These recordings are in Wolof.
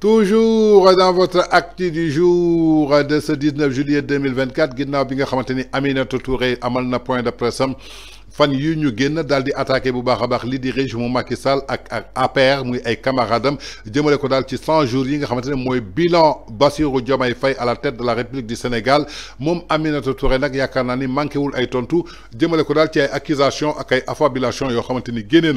toujours dans votre acte du jour de ce 19 juillet 2024 ginnaaw bi nga Touré Amalna point de presse fan yu ñu génn daal di attaqué bu li di régime Macky APR muy ay camarades am ko ci bilan Bassirou Diomaye Fay à la tête de la République du Sénégal Moum Aminata Touré Nak Kanani, mankeul ni manqué wul ay tontu jëmale ko Yo ci ay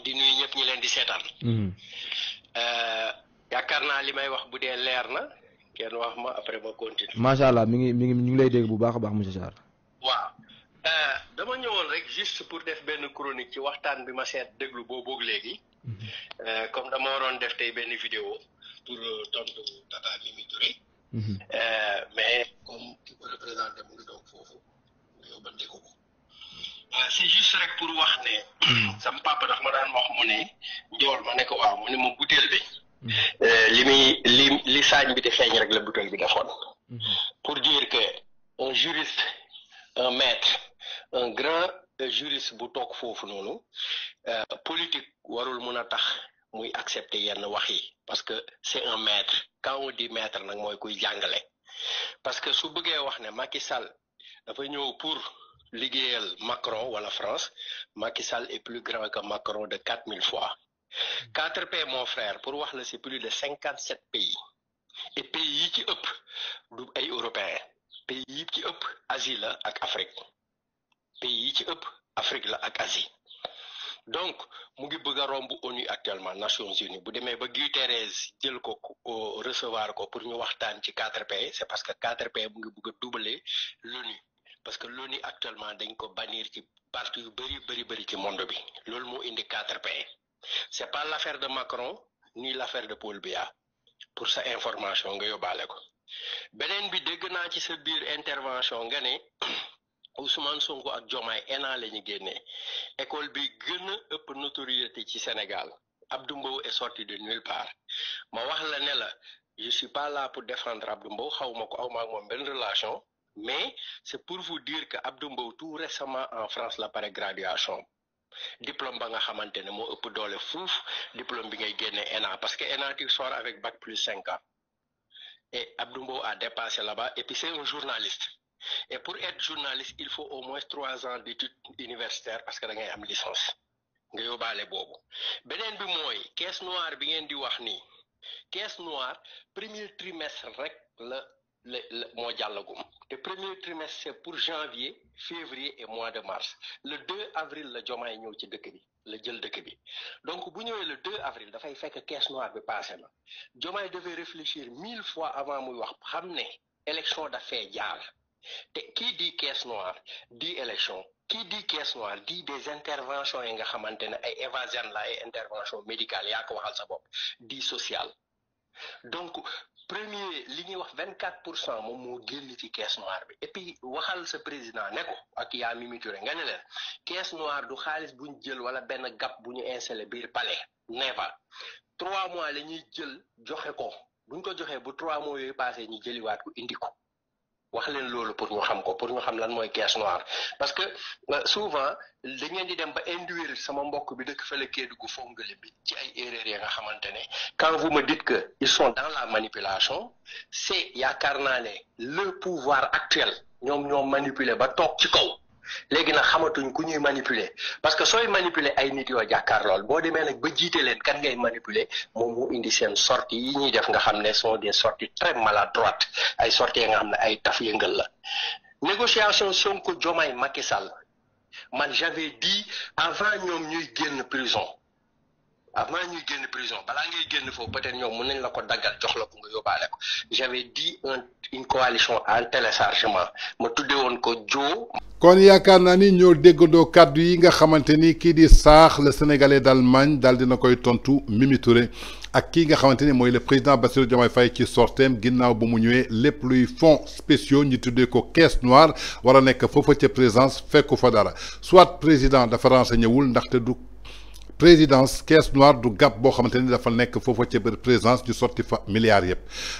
di nuyu ñëpp ñi leen di seetaan mm-hmm. eh, yaakaar naa li may wax bu dee leer na kenn wax ma après ma continue macha allah mi ngi mi ngi ñu ngi lay dégg bu baax a baax monsieur Sarr waaw eh, dama ñëwoon rek juste pour def benn chronique ci waxtaan bi ma seet déglu boo boog léegi mm-hmm. eh, comme dama waroon def tey benn vidéo pour euh, tontu tata Mimi Touré mm-hmm. mais comme ki ko représenté mu ngi toog foofu ko ko Euh, c'est juste rek pour wax né hmm. sam papa dafa ma daan wax mu ne njool ma né ko waaw mu ne ma butéel bi. limi hmm. euh, li sañ bi di feeñ rek la butéel bi defoon. Hmm. pour dire que un juriste un maître un grand euh, juriste bu toog foofu noonu politique warul mun tax muy accepter yenn wax yi parce que c'est un maître quand on dit maître nak moy kuy jàngale parce que su bëggee wax ne Macky Sall dafa ñëw pour. L'égal Macron ou la France Macky est plus grand que Macron de 4000 fois 4 pays mon frère pour voir c'est plus de 57 pays et pays qui ci européen pays qui ci Asie là avec Afrique pays qui ci Afrique la ak Asie donc mu ngi bëgg ONU actuellement Nations Unies bu demee ba Guterres jël ko recevoir pour ñu waxtaan 4 pays. c'est parce que 4 pays, ont doublé doubler l'ONU parce que l'ONU actuellement dañ ko bannir ci parti yu bari qui ci monde bi lolou mo indi 4P c'est pas l'affaire de Macron ni l'affaire de Paul Biya pour sa information nga yobale ko benen bi dégg naa ci sa une intervention nga ne Ousmane Sonko ak Diomaye ENA lañu ñu école bi gëna ëpp notoriété ci Sénégal Abdou est sorti de nulle part ma wax la ne je suis pas là pour défendre Abdou Je ne suis pas là pour défendre relation mais c'est pour vous dire que Abdou tout récemment en France la pare graduation diplôme ba nga xamante ne moo ëpp doole diplôme bi ngay génne ENA parce que ENA tu sors avec bac plus 5 ans et Abdou a dépassé là-bas et puis c'est un journaliste et pour être journaliste il faut au moins trois ans d'études universitaires parce que da ngay am licence nga yóbbaale boobu Benen bi moy, caisse noire bi ngeen di wax ni. caisse noire premier trimestre rek le le la moo le premier trimestre c'est pour janvier février et mois de mars le 2 avril le est ci donc le 2 avril que la caisse noire bi passé Le devait réfléchir mille fois avant de wax l'élection d'affaires élection qui dit caisse noire dit élection qui dit caisse noire dit des interventions yi nga dit donc premier li ñuy wax vingt quatre pour cent moom moo génn ci caisse noire bi et puis waxal sa président ne ko ak yaa Mimi Touré nga ne leen caisse noire du xaalis bu ñu jël wala benn gap bu ñu installé biir palais neefal trois mois la ñuy jël joxe ko bu ñu ko joxee bu trois mois yooyu passé ñu jëliwaat ko indi ko wax leen loolu pour ñu xam ko pour ñu xam lan mooy caisse noire parce que euh, souvent da ngeen di dem ba induire sama mbokk bi dëkk fële Kédougou Fongole bi ci ay erreurs ya nga xamante ne quand vous me dites que ils sont dans la manipulation c'est yaakaar naa ne le pouvoir actuel ñoom ñoo manipuler ba toog ci kaw léegi nag xamatuñ ku ñuy manipuler parce que soy manipuler ay nit yo jàkkaar lool bo demee nak ba jité len kan ngay manipuler moom moo indi seen sorties yi ñuy def nga xamné ne sont des sorties très maladroites ay sorties nga xamné ay taf yëngal la négociation Sonko jomay makissal man j'avais dit avant ñom ñuy génn prison avant ñuy génn prison bala ngay génn fo peut-être ñom mën nañ la ko daggal jox la ko nga yobale ko j'avais dit un une coalition en téléchargement ma tudde won ko joo kon yaakaar naa ni ñoo déggandoo kàddu yi nga xamante ni kii di saax le sénégalais d'Allemagne daal dina koy tontu Mimi Touré ak kii nga xamante ni mooy le président Bassirou Diomaye Faye ci sorteem ginnaaw bu mu ñëwee lépp luy fonds spéciaux ñu tuddee ko caisse noire war a nekk foofa ca présidence fekku fa dara soit président dafa renseigné wul ndaxte du présidence caisse noire du GAB bo xamanteni dafa nek fofu ci présence présidence du sotti fa milliards yeb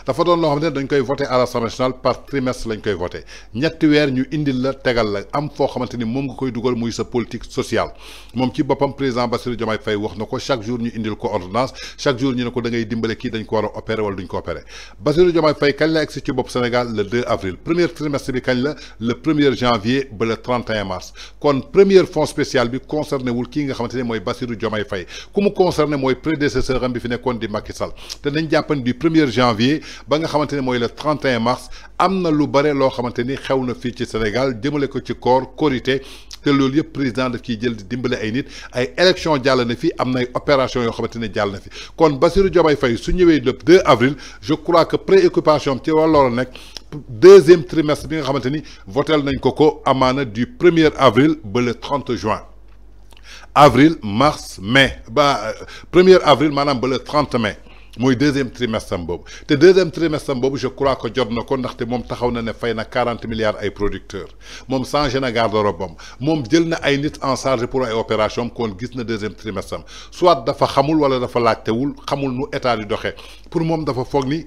dafa don lo xamanteni dañ koy voter à l'Assemblée nationale par trimestre lañ koy voter ñetti wër ñu indil la tégal la am fo xamanteni mom moom nga koy muy sa politique sociale mom ci bopam président Bassirou Diomaye Faye wax nako chaque jour ñu indil ko ordonnance chaque jour ñu nako da ngay dimbalé ki dañ ko wara opérer opéré wala duñ ko opérer Bassirou Diomaye Faye kañ la egsi ci Sénégal le 2 avril premier trimestre bi kañ la le premier janvier ba le 31 mars kon premier fonds spécial bi concerné wul ki nga xamanteni moy Bassirou Diomaye Diomaye Faye ku concerné prédécesseur am bi fi nekkoon di Macky Sall te nañ jàppandi du 1er janvier ba nga xamante le 31 mars amna le lu bare lo xamante xewna fi ci Sénégal jëmale ko ci corps corité té lool yëpp président daf ciy jël di dimbale ay nit ay élection jàll na fi amna ay opération yo xamante ne na fi kon Bassirou Diomaye Faye su ñëwé le 2 avril je crois que préoccupation ci wàllu loolu deuxième trimestre bi nga xamante ni votel nañ ko ko amana du 1er avril ba le 30 juin avril mars mai ba 1er euh, avril madame, le 30 mai Moi, deuxième trimestre Bob. boobu deuxième trimestre Bob, je crois que jot na ko ndaxte moom taxaw na 40 milliards ay producteurs moom changé na garde-robe am moom jël na ay nit en charge pour ay opération am kon gis deuxième trimestre am soit dafa xamul wala dafa laajtewul xamul nu état suis en pour de dafa des ni.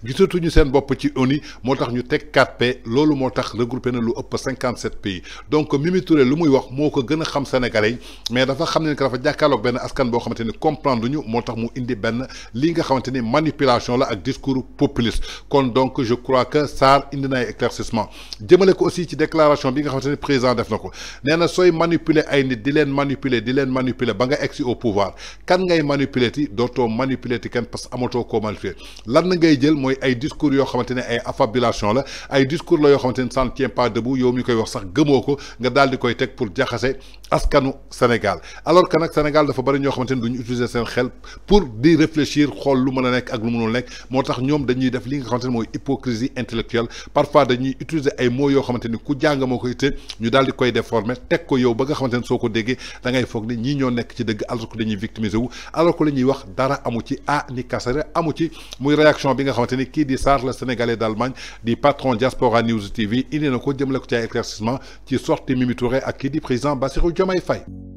gisatuñu seen bop ci ONU motax ñu tek 4P lolu motax regrouper na lu upp 57 pays donc Mimi Touré lu muy wax moko gëna xam Sénégalais mais dafa xam ne dafa jakkalo ben askan bo xamanteni comprendre ñu motax mu indi ben li nga xamanteni manipulation la ak discours populiste kon donc je crois que Sarr indi na ay éclaircissement jëmale ko aussi ci déclaration bi nga xamanteni président def nako ko nee na sooy manipuler ay nit di leen manipuler di leen manipuler ba nga egg au pouvoir kan ngay manipuler ti dootoo manipuler ti kenn parce que ko mal fait lan ngay jël mooy mooy ay discours yo xamantene ay affabulation la ay discours la yo xamantene ne tient pas debout yow mi koy wax sax gëmoo nga dal di koy tek pour jaxasse askanu Sénégal alors que nag Sénégal dafa bari ño xamantene duñ utiliser sen xel pour di réfléchir xol lu mën nek ak lu mënul nekk motax ñom dañuy def li nga xamantene moy hypocrisie intellectuelle parfois dañuy utiliser ay mots yo xamantene ni ku jang mo koy te ñu dal di koy déformer tek ko yow ba nga xamantene soko déggé da ngay foog ni ñi ño nek ci dëgg alors que dañuy victimiser wu alors que la ñuy wax dara amu ci a ah ni kasare amu ci muy réaction bi nga xamantene qui kii di le sénégalais d'Allemagne, du patron Diaspora News TV Il na ko jëmale ko ci ay éclaircissement ci sortie Mimi Touré ak kii di président Bassirou Diomaye Faye